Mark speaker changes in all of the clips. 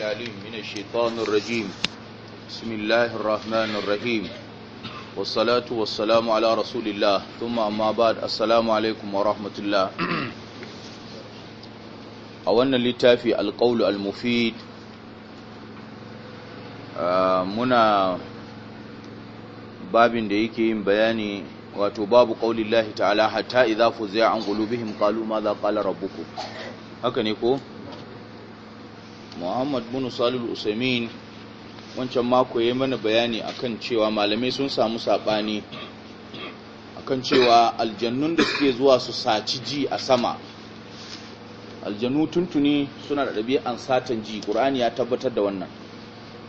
Speaker 1: العليم من الشيطان الرجيم بسم الله الرحمن الرحيم والصلاة والسلام على رسول الله ثم أما بعد السلام عليكم ورحمة الله أولا لتافي القول المفيد منا باب ديكي بياني وتباب قول الله تعالى حتى إذا فزع عن قلوبهم قالوا ماذا قال ربكم هكذا نقول muhammad bin salil usaimin wancan mako ya mana bayani akan cewa malamai sun samu saɓani akan cewa aljannun da suke zuwa su saci ji a sama aljannu tuntuni suna da ɗabi'an satan ji ƙur'ani ya tabbatar da wannan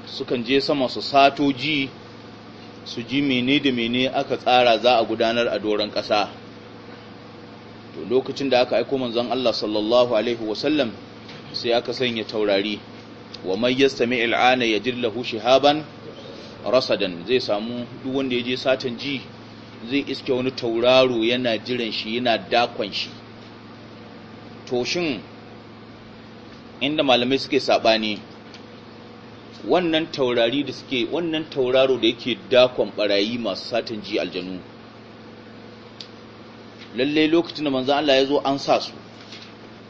Speaker 1: sukan je sama su sato ji su ji mene da mene aka tsara za a gudanar a doron ƙasa to lokacin da aka aiko manzon Allah sallallahu alaihi wasallam sai aka sanya taurari wa mai il'ana ya jirla lahushi Haban? rasadan zai samu duk wanda je satan ji zai iske wani tauraro yana jiran shi yana dakon shi to shin inda malamai suke sabani wannan taurari da suke wannan tauraro da yake dakon barayi masu satan ji aljanu Lallai lokacin da manzo Allah ya zo an sa su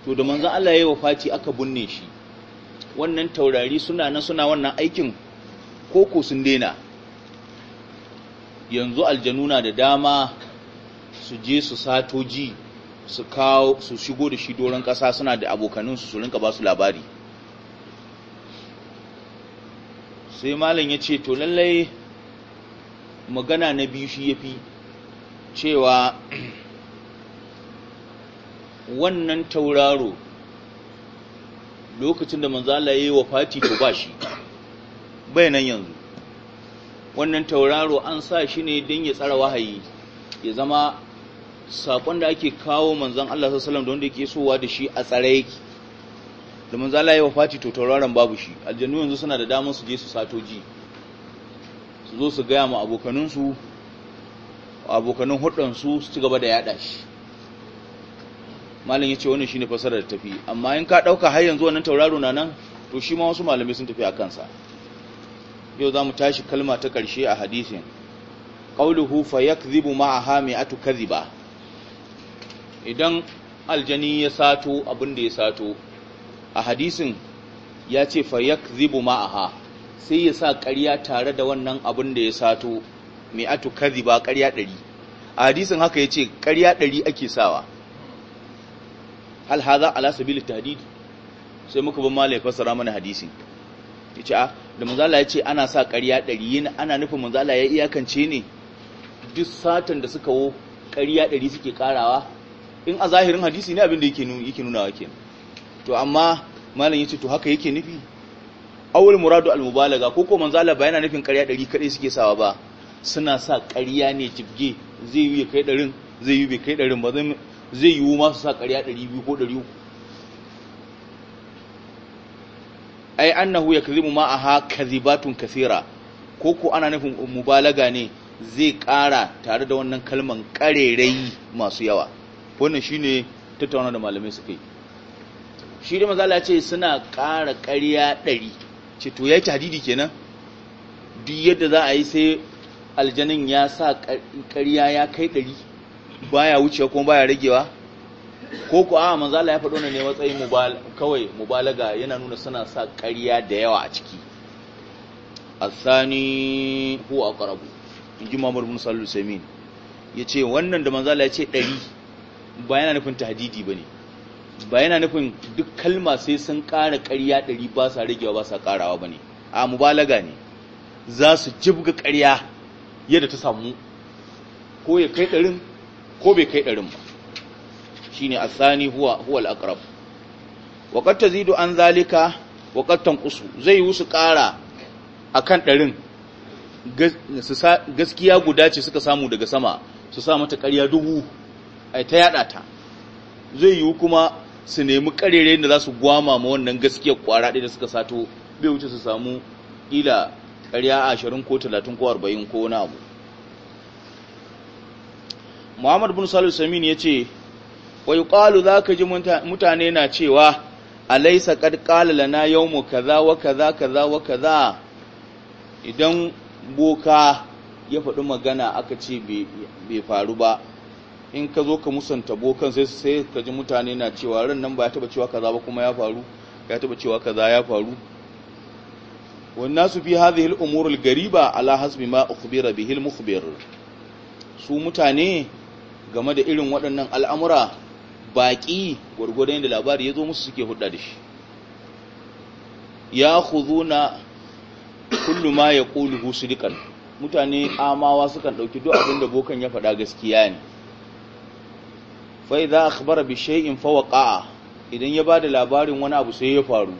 Speaker 1: to da manzan Allah ya yi wafaci aka binne shi wannan taurari suna nan suna wannan aikin koko sun daina yanzu aljanu na da dama su je su sato ji su kawo su shigo da shi doron ƙasa suna da abokaninsu su rinka ba su labari sai malam ya ce to lallai magana na biyu shi ya fi cewa wannan tauraro lokacin da manzo Allah yayi Fati to ba shi bai nan yanzu wannan tauraro an sa shi ne don ya tsara wahayi ya zama sakon da ake kawo manzon Allah sallallahu alaihi wanda yake sowa da shi a tsare yake da manzo Allah yayi Fati to tauraron babu shi aljannu yanzu suna da damar su je su sato ji su zo su gaya ma abokanansu abokanin hudansu su ci gaba da yada shi malam ya ce wannan shine fasarar da tafi amma in ka ɗauka har yanzu wannan tauraro na nan to shi ma wasu malamai sun tafi a kansa yau za mu tashi kalma ta karshe a hadisin ƙauluhu fa yakdhibu ma'aha mi'atu kadhiba idan aljani ya sato abin da ya sato a hadisin ya ce fa ma ma'aha sai ya sa ƙarya tare da wannan abin da ya sato mi'atu kadhiba ƙarya ɗari a hadisin haka ya ce ƙarya ɗari ake sawa hal haza ala sabil tahdid sai muka bin malai fassara mana hadisin yace a ah, da manzala yace ana sa ƙarya ɗari yin ana nufin manzala ya iyakance ne duk satan da suka wo ƙarya ɗari suke karawa in a zahirin hadisi ne abin da yake nuna yake nuna wake to amma malam yace to haka yake nufi awul muradu al mubalaga ko ko manzala ba yana nufin ƙarya ɗari kadai suke sawa ba suna sa ƙarya ne jibge zai yi kai ɗarin zai yi bai kai ɗarin ba zai zai yiwu masu sa ƙarya 200 ko 300 ai annahu ya yakzibu ma aha kazibatun kasira ko ko ana nufin mubalaga ne zai ƙara tare da wannan kalman ƙarerayi masu yawa wannan shi ne tattauna da malamai su kai shi da mazala ce suna ƙara ƙarya ɗari ce to ya yi tahdidi kenan duk yadda za a yi sai aljanin ya sa ƙarya ya kai ɗari baya wucewa kuma baya ragewa ko ku a manzo Allah ya faɗo ne matsayin kawai mubalaga yana nuna suna sa ƙarya da yawa a ciki asani huwa aqrabu inji Muhammad bin Sallu Samin yace wannan da manzo Allah ya ce 100 ba yana nufin tahdidi bane ba yana nufin duk kalma sai sun ƙara ƙarya 100 ba sa ragewa ba sa ƙarawa bane a mubalaga ne za su jibga ƙarya yadda ta samu ko ya kai ɗarin ko bai kai ɗarin ba Shi shine asani huwa huwa al-aqrab wa qad zido an zalika wa qad tanqusu zai wusu ƙara a kan ɗarin gaskiya guda ce suka samu daga sama su sa mata ƙarya dubu a ta yada ta zai yiwu kuma su nemi ƙarere da za su gwama ma wannan gaskiyar ƙwara ɗaya da suka sato bai wuce su samu ila ƙarya ashirin ko talatin ko arba'in ko wani abu muhammad bin Salih samin ya ce wa yuqalu zaka ji mutane na cewa alaysa qad qala lana yawmu kaza wa kaza kaza wa kaza idan boka ya faɗi magana aka ce bai faru ba in ka zo ka musanta bokan sai sai ka ji mutane na cewa ran nan ba ya taba cewa kaza ba kuma ya faru ya taba cewa kaza ya faru والناس في هذه الأمور الغريبة على حسب ما أخبر به المخبر su mutane game da irin waɗannan al'amura baƙi gwargwadon da labari ya zo musu suke hudda da shi ya huzu na kullu ma ya ƙulu husulikan mutane amawa sukan ɗauki duk abin da bokan ya faɗa gaskiya ne fai za a kabara fawa ƙa'a idan ya ba da labarin wani abu sai ya faru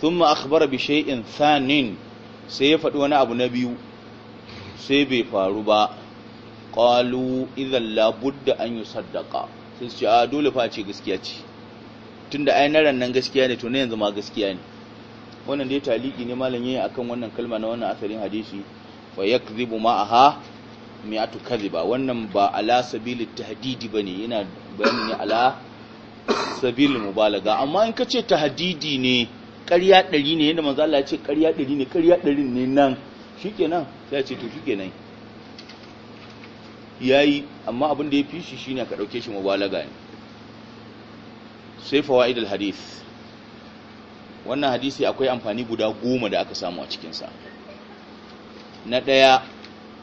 Speaker 1: sun ma akabara in thanin sai ya faɗi wani abu na biyu sai bai faru ba qalu idhan la budda an yusaddaqa sai su ce a dole fa ce gaskiya ce tunda ai na ran nan gaskiya ne to ne yanzu ma gaskiya ne wannan dai taliki ne malam yayi akan wannan kalma na wannan asalin hadisi fa aha mi atu kadhiba wannan ba ala sabilit tahdidi bane yana bayani ne ala sabilil mubalaga amma in kace tahdidi ne ƙarya ɗari ne yadda manzo Allah ya ce ƙarya ɗari ne ƙarya ɗarin ne nan shikenan sai ya ce to shikenan yayi amma abin da ya fi shi shine ka dauke shi mubalaga ne sai fawaidul hadith wannan hadisi akwai amfani guda goma da aka samu a cikin sa na daya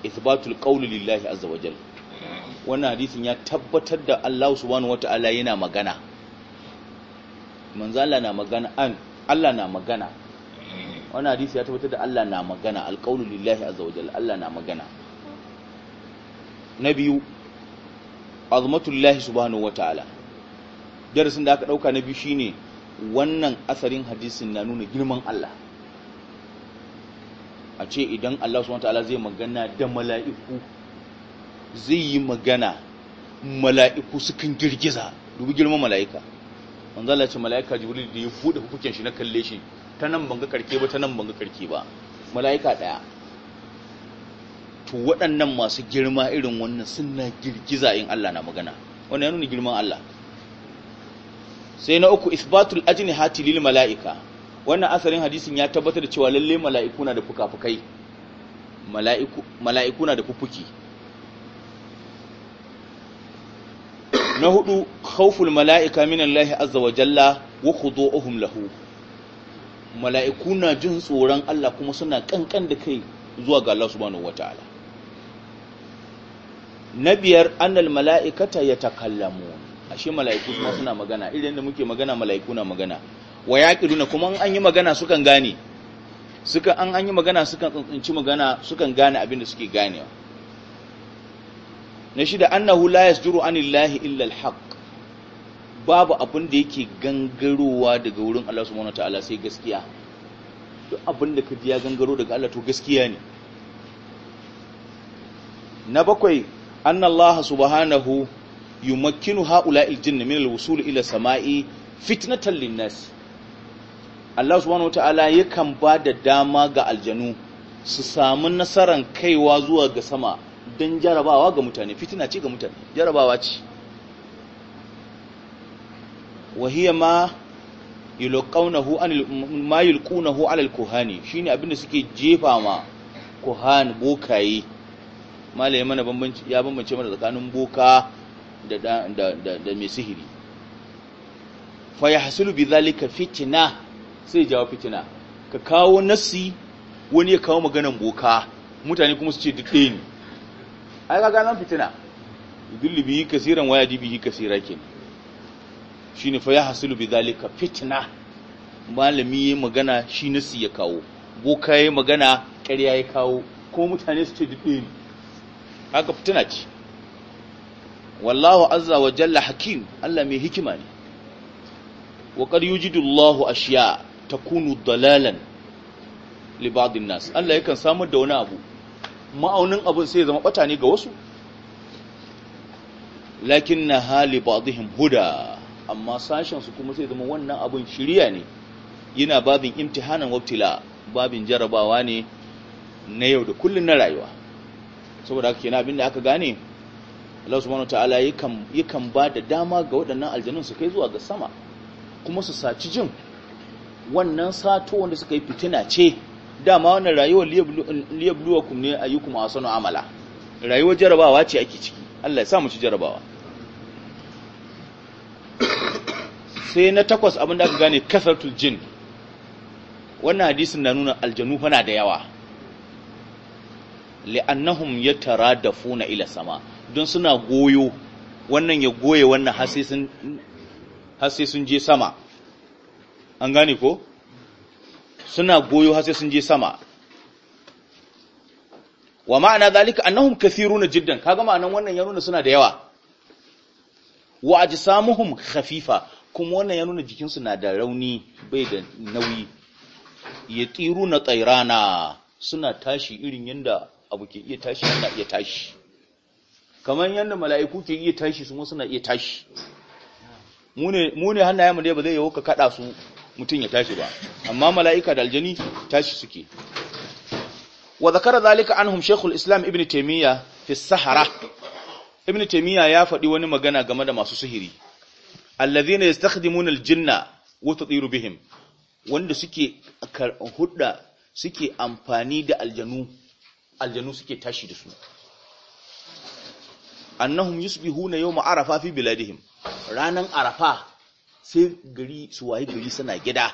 Speaker 1: ithbatul qawli lillahi azza wajal wannan hadisin ya tabbatar da Allah subhanahu wataala yana magana manzo Allah na magana an Allah na magana wannan hadisi ya tabbatar da Allah na magana alqawlu lillahi azza wajal Allah na magana na biyu azmatullahi subhanahu wataala darasin da aka dauka na biyu shine wannan asarin hadisin na nuna girman Allah a ce idan Allah subhanahu wataala zai magana da mala'iku zai yi magana mala'iku sukan girgiza dubi girman mala'ika wanda Allah ce mala'ika jibril da ya bude hukukin shi na kalle shi ta nan banga karke ba ta nan banga karke ba mala'ika daya to waɗannan masu girma irin wannan suna girgiza in Allah na magana wannan ya nuna girman Allah sai na uku isbatul ajini hati lil mala'ika wannan asalin hadisin ya tabbatar da cewa lalle mala'iku na da fukafukai mala'iku na da fufuki na hudu khawful mala'ika min Allah azza wa jalla wa khudu'uhum lahu mala'iku na jin tsoron Allah kuma suna kankan da kai zuwa ga Allah subhanahu ta’ala na biyar annal mala'ikata ya takallamu ashe mala'iku kuma suna magana idan da muke magana mala'iku na magana wa yaqiluna kuma an yi magana sukan gane suka an an yi magana sukan tsuntsunci magana sukan gane abin da suke gane. na shida annahu la yasduru anillahi illa alhaq babu abin da yake gangarowa daga wurin Allah subhanahu wataala sai gaskiya duk abin da ka ya gangaro daga Allah to gaskiya ne na bakwai anna Allah subhanahu yumakkinu ha'ula'il jinni min al-wusul ila sama'i fitnatan lin-nas Allah subhanahu Ta'ala yakan ba da dama ga aljanu su samu nasaran kaiwa zuwa ga sama don jarabawa ga mutane fitina ce ga mutane jarabawa ce wahiya ma yulqawnahu anil ma yulqunahu alal kuhani shine abinda suke jefa ma kuhan bokaye malaye mana bambanci ya bambance mana tsakanin boka da da da mai sihiri fa yahsulu bidhalika fitna sai jawo fitina ka kawo nasi wani ya kawo maganan boka mutane kuma su ce duk ɗaya ne ai kaga nan fitina Dulli bihi kasiran wa yadi bihi kasira kenan shine fa yahsulu bidhalika fitna malami yayin magana shi nasi ya kawo boka yayin magana ƙarya ya kawo Ko mutane su ce duk ɗaya ne haka fitina ce wallahu azza wa jalla hakim Allah mai hikima ne wa qad yujidu ashiya takunu dalalan li ba'dhin nas Allah yakan samar da wani abu ma'aunin abun sai ya zama bata ne ga wasu lakinna hali ba'dihim huda amma sashen su kuma sai zama wannan abun shiriya ne yana babin imtihanan wabtila babin jarabawa ne na yau da kullun na rayuwa saboda haka kenan abinda aka gane Allah subhanahu wataala yakan yakan ba da dama ga waɗannan aljanun su kai zuwa ga sama kuma su saci jin wannan sato wanda suka yi fitina ce dama wannan rayuwar liyabluwakum ne ayyukum asanu amala rayuwar jarabawa ce ake ciki Allah ya sa mu ci jarabawa sai na takwas abin da aka gane kasartul jin wannan hadisin na nuna aljanu fana da yawa li'annahum yataradafuna ila sama don suna goyo wannan ya goye wannan har sai sun je sama an gane ko suna goyo har sai sun je sama wa ma'ana zalika annahum kathiruna jiddan kaga ma'anan wannan ya nuna suna da yawa wa ajsamuhum khafifa kuma wannan ya nuna jikinsu na da rauni bai da nauyi ya tsiru na tsairana suna tashi irin yadda abu ke iya tashi yana iya tashi kamar yadda mala'iku ke iya tashi su suna iya tashi mu ne hannayen mu dai ba zai yawo ka kada su mutum ya tashi ba amma mala'ika da aljani tashi suke wa zakara zalika anhum shaykhul islam ibn taymiya fi sahara ibn taymiya ya faɗi wani magana game da masu sihiri alladhina yastakhdimuna aljinna wata tsiru bihim wanda suke hudda suke amfani da aljanu aljanu suke tashi da su annahum yusbihuna yawma arafa fi biladihim ranan arafa sai gari su waye gari suna gida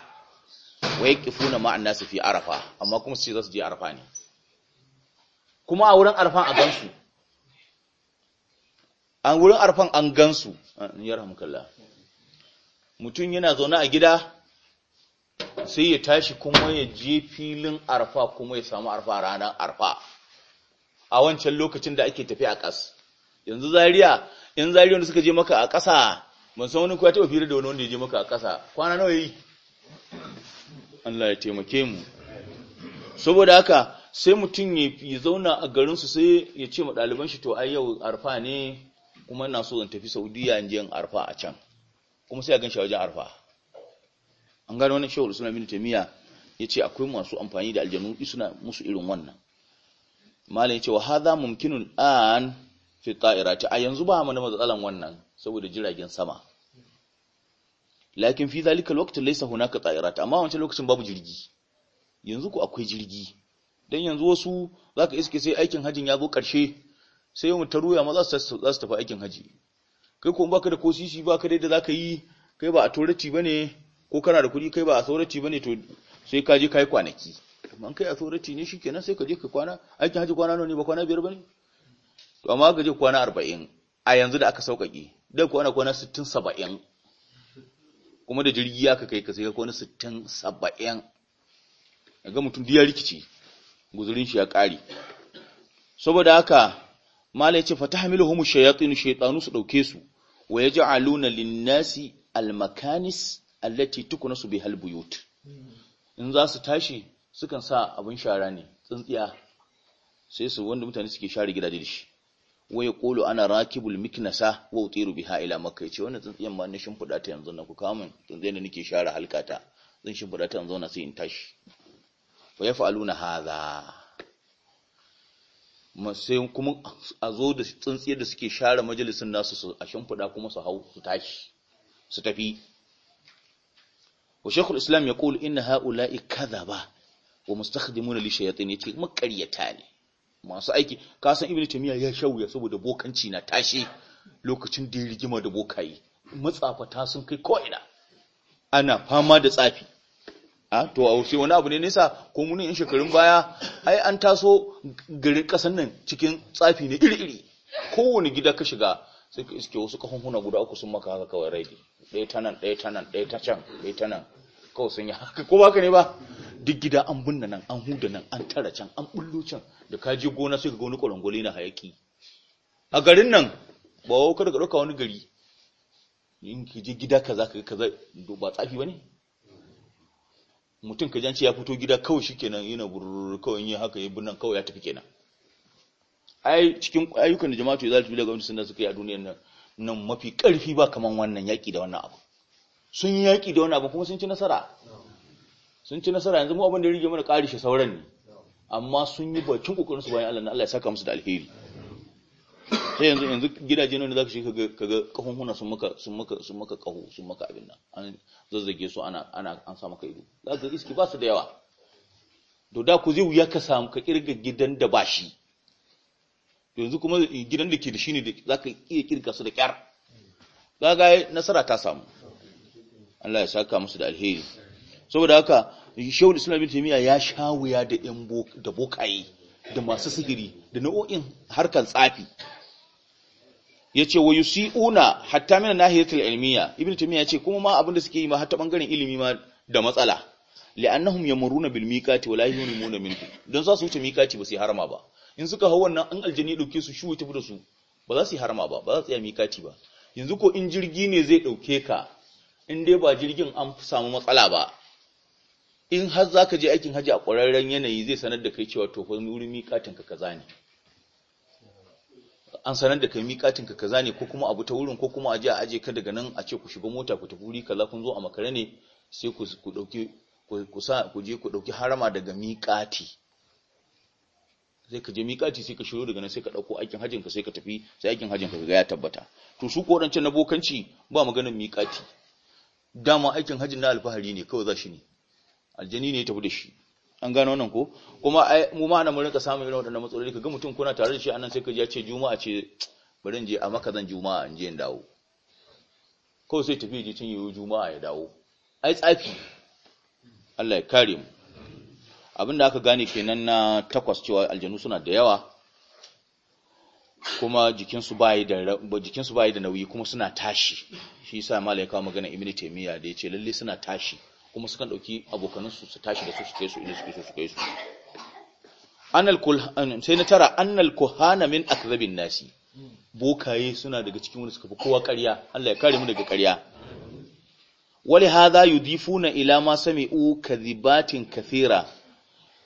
Speaker 1: waye kifuna ma annasu fi arafa amma kuma su ce za su je arafa ne kuma a wurin arfan a gansu a wurin arfan an gansu rahmukallah mutum yana zaune a gida sai ya tashi kuma ya je filin arfa kuma ya samu arfa ranar arfa a wancan lokacin da ake tafi a ƙas yanzu Zariya, in Zariya suka je maka a ƙasa ban san wani kuwa taɓa fira da wani wanda ya je maka a ƙasa kwana nawa yi Allah ya taimake mu saboda haka sai mutum ya zauna a garinsu sai ya ce ma ɗaliban shi to a yau arfa ne kuma ina so in tafi saudiya in je in arfa a can kuma sai a gan shi wajen arfa an gano wani shawar suna mini taimiyya ya ce akwai masu amfani da aljanu suna musu irin wannan malin cewa haza mumkinun an fi ta'irati a yanzu ba mu da matsalan wannan saboda jiragen sama lakin fi zalika alwaqt laysa hunaka ta'irati amma wancan lokacin babu jirgi yanzu ku akwai jirgi dan yanzu wasu zaka iske sai aikin hajin ya zo karshe sai mu maza ma za su tafi aikin haji kai ko baka da kosisi baka da zaka yi kai ba a torati bane ko kana da kuɗi kai ba a sauraci bane to sai ka je kai kwanaki amma kai authority ne shikenan sai ka je ka kwana aikin haji kwana nawa ne ba kwana biyar bane to amma ka je kwana 40 a yanzu da aka saukake da kwana kwana 60 70 kuma da jirgi aka kai ka sai ka kwana 60 70 ga mutum da ya rikici guzurin shi ya kare saboda haka mala yace fatahmiluhum shayatin shaytanu su dauke su wa yaj'aluna lin-nasi al-makanis allati tukunasu bihal buyut in za su tashi sukan sa abin shara ne tsintsiya sai su wanda mutane suke share gidaje da shi waya kolo ana rakibul miknasa wa utiru biha ila makka yace wannan tsintsiyan ma na shimfuda ta yanzu na ku kawo min tsintsiyan da nake share halkata zan shimfuda ta yanzu na sai in tashi fa yaf'aluna hadha sai kuma a zo da tsintsiyar da suke share majalisin nasu su a shimfuda kuma su hau su tashi su tafi wa shaykhul islam yaqul inna ha'ula'i kadhaba wa mustakhdimuna li shayatin yace makaryata ne masu aiki ka san ibnu tamiya ya shauya saboda bokanci na tashi lokacin da ya rigima da bokayi matsafata sun kai ko ina ana fama da tsafi a to a wuce wani abu ne nesa ko mun yin shekarun baya ai an taso garin kasan nan cikin tsafi ne iri-iri kowane gida ka shiga sai ka iske wasu kafin huna guda uku sun maka haka kawai raidi ɗaya ta nan ɗaya ta nan ɗaya ta can ɗaya ta nan kawai sun yi haka ko baka ne ba duk gida an binne nan an huda nan an tara can an bullo can da ka je gona sai ka ga wani kwarangwale na hayaki a garin nan ba wa kar ka dauka wani gari in ka je gida kaza ka kaza ba tsafi bane mutum ka janci ya fito gida kawai shikenan yana burur kawai yin haka yi binnan kawai ya tafi kenan ai cikin ayyukan da jama'atu ya zalci bila gwamnati sun suka yi a duniyar nan nan mafi karfi ba kaman wannan yaki da wannan abu sun yi yaki da wannan abu kuma sun ci nasara sun ci nasara yanzu mu abin da rige mana ƙari shi sauran ne amma sun yi bakin kokarin su bayan Allah na Allah ya saka musu da alheri sai yanzu yanzu gidaje ne da zaka shi kaga kaga kahunhuna sun maka sun maka sun maka kahu sun maka abin nan an zazzage su ana ana an sa maka ido ka iski ba su da yawa to da ku zai wuya ka samu ka kirga gidan da ba shi yanzu kuma gidan da ke da shi ne zaka iya kirga su da kyar ga nasara ta samu Allah ya saka musu da alheri saboda haka shehu islam bin taymiya ya sha wuya da yan da bokaye da masu sigiri da nau'o'in harkar tsafi Ya yace wa yusiuna hatta min nahiyatil ilmiya ibn taymiya ce kuma ma abinda suke yi ma hatta bangaren ilimi ma da matsala li'annahum yamuruna bil miqati wala yi yunimuna don za su wuce miqati ba su harama ba in suka hau wannan an aljani dauke su shi wuce da su ba za su yi harama ba ba za su tsaya mikati ba yanzu ko in jirgi ne zai dauke ka in dai ba jirgin an samu matsala ba in har za ka je aikin hajji a ƙwararren yanayi zai sanar da kai cewa to fa wurin miƙatinka kaza ne an sanar da kai miƙatinka kaza ne ko kuma abu ta wurin ko kuma a je a aje ka daga nan a ce ku shiga mota ku tafi wuri kaza kun zo a makare ne sai ku ku ku sa ku je ku dauki harama daga miƙati sai ka je miƙati sai ka shiro daga nan sai ka dauko aikin hajjin ka sai ka tafi sai aikin hajjin ka ga ya tabbata to su ko na bokanci ba maganar miƙati dama aikin hajjin na alfahari ne kawai za shi ne aljini ne ya tafi da shi an gano nan ko kuma mu ma ana murinka samun irin waɗannan matsaloli ka ga mutum kuna tare da shi anan sai ka ji ya ce juma'a ce bari je a maka zan juma'a in je in dawo ko sai tafi je cin yiwu juma'a ya dawo ai tsafi Allah ya kare mu abinda aka gane kenan na takwas cewa aljanu suna da yawa kuma jikinsu bai da su bai da nauyi kuma suna tashi shi yasa malai kawo magana ibnu taymiya da yace lalle suna tashi kuma sukan ɗauki abokanansu su tashi da su su kai su inda suke so su kai su sai na tara annal kuhana min akzabin nasi bokaye suna daga cikin wanda suka fi kowa ƙarya Allah ya kare mu daga ƙarya wali hadha yudifuna ila ma sami'u kadhibatin kathira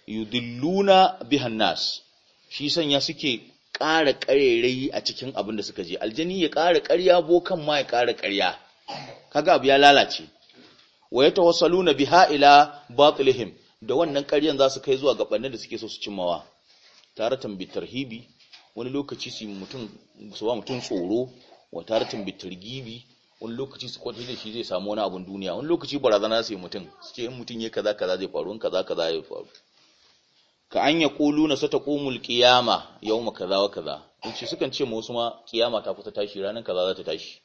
Speaker 1: yudilluna biha nas shi sanya suke ƙara ƙarerayi a cikin abin da suka je aljani ya ƙara ƙarya bokan ma ya ƙara ƙarya kaga abu ya lalace wa yatawassaluna biha ila batilihim da wannan ƙaryan za su kai zuwa gabanin da suke so su cimmawa tare tambitar hibi wani lokaci su mutum su ba mutum tsoro wa tare tambitar gibi wani lokaci su kwata da shi zai samu wani abun duniya wani lokaci barazana sai mutum su ce in mutum ya kaza kaza zai faru in kaza kaza ya faru ka an ya ƙulu na sata ƙomul ƙiyama yau ma kaza wa kaza in ce sukan ce ma wasu ma ƙiyama ta kusa tashi ranar kaza za ta tashi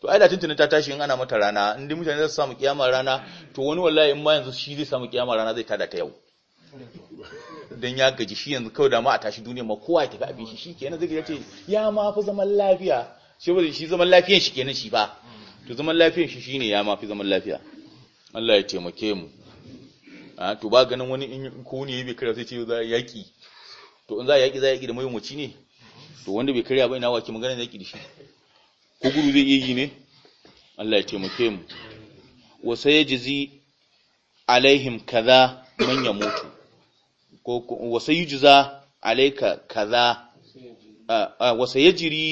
Speaker 1: to ai da tuntunin ta tashi in ana mata rana in dai mutane za su samu kiyama rana to wani wallahi in ma yanzu shi zai samu kiyama rana zai tada ta yau dan ya gaji shi yanzu kawai da ma a tashi duniya ma kowa ya tafi abin shi shikenan zai ga ce ya ma fi zaman lafiya shi ba shi zaman lafiyan shi kenan shi ba to zaman lafiyan shi shine ya ma fi zaman lafiya Allah ya taimake mu a to ba ganin wani in ko ne bai kira sai ce za yaki to in za yaki za yaki da mai muci ne to wanda bai kira ba ina waki magana yaki da shi Ku gudu zai iya yi ne Allah ya taimake mu wa sayajzi alaihim kaza manya yamutu ko wa sayujza alayka kaza wa sayajri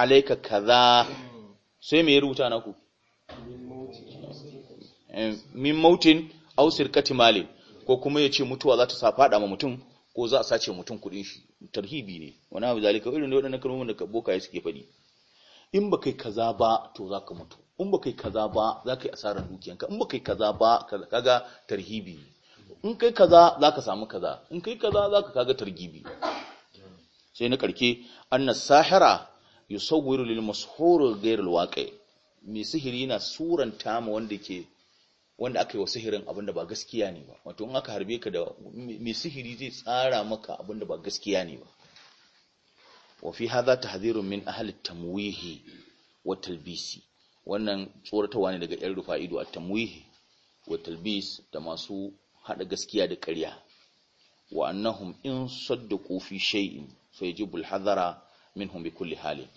Speaker 1: alayka kaza sai me ya rubuta naku eh, min mautin aw sirkati malin ko kuma ya ce mutuwa za ta sa fada ma mutum ko za a sace mutum kudin shi tarhibi ne wani abu zalika irin da waɗannan kalmomin da bokaye suke faɗi in ba kai kaza ba to za ka mutu in ba kai kaza ba za ka yi asarar dukiyanka in ba kai kaza ba kaga tarhibi in kai kaza za ka samu kaza in kai kaza za ka kaga targibi sai na karke anna sahira yusawwiru lil mashhur ghayr al waqi mai sihiri na suranta ma wanda ke wanda aka yi wa sihirin abinda ba gaskiya ne ba wato in aka harbe ka da mai sihiri zai tsara maka abinda ba gaskiya ne ba wa fi ta tahdhirun min ahli tamwihi wa talbisi wannan tsoratawa ne daga yan ido a tamwihi wa talbis da masu haɗa gaskiya da ƙarya wa annahum in saddaqu fi shay'in fayajibu al-hadhara minhum bi kulli halin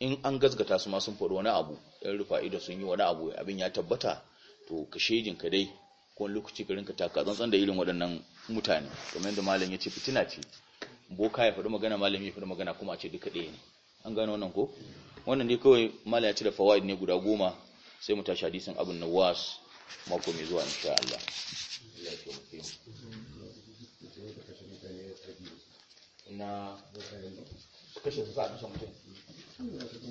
Speaker 1: in an gazgata su ma sun faɗi wani abu yan ido sun yi wani abu abin ya tabbata to ka ka dai ko lokaci ka rinka taka tsantsan da irin waɗannan mutane kamar yadda malam ya ce fitina ce boka ya faɗi magana malami ya faɗi magana kuma a ce duka ɗaya ne an gano wannan ko wannan ne kawai malami ya da fawaid ne guda goma sai mu tashi hadisin abun was mako mai zuwa insha Allah na kashe su sa mutum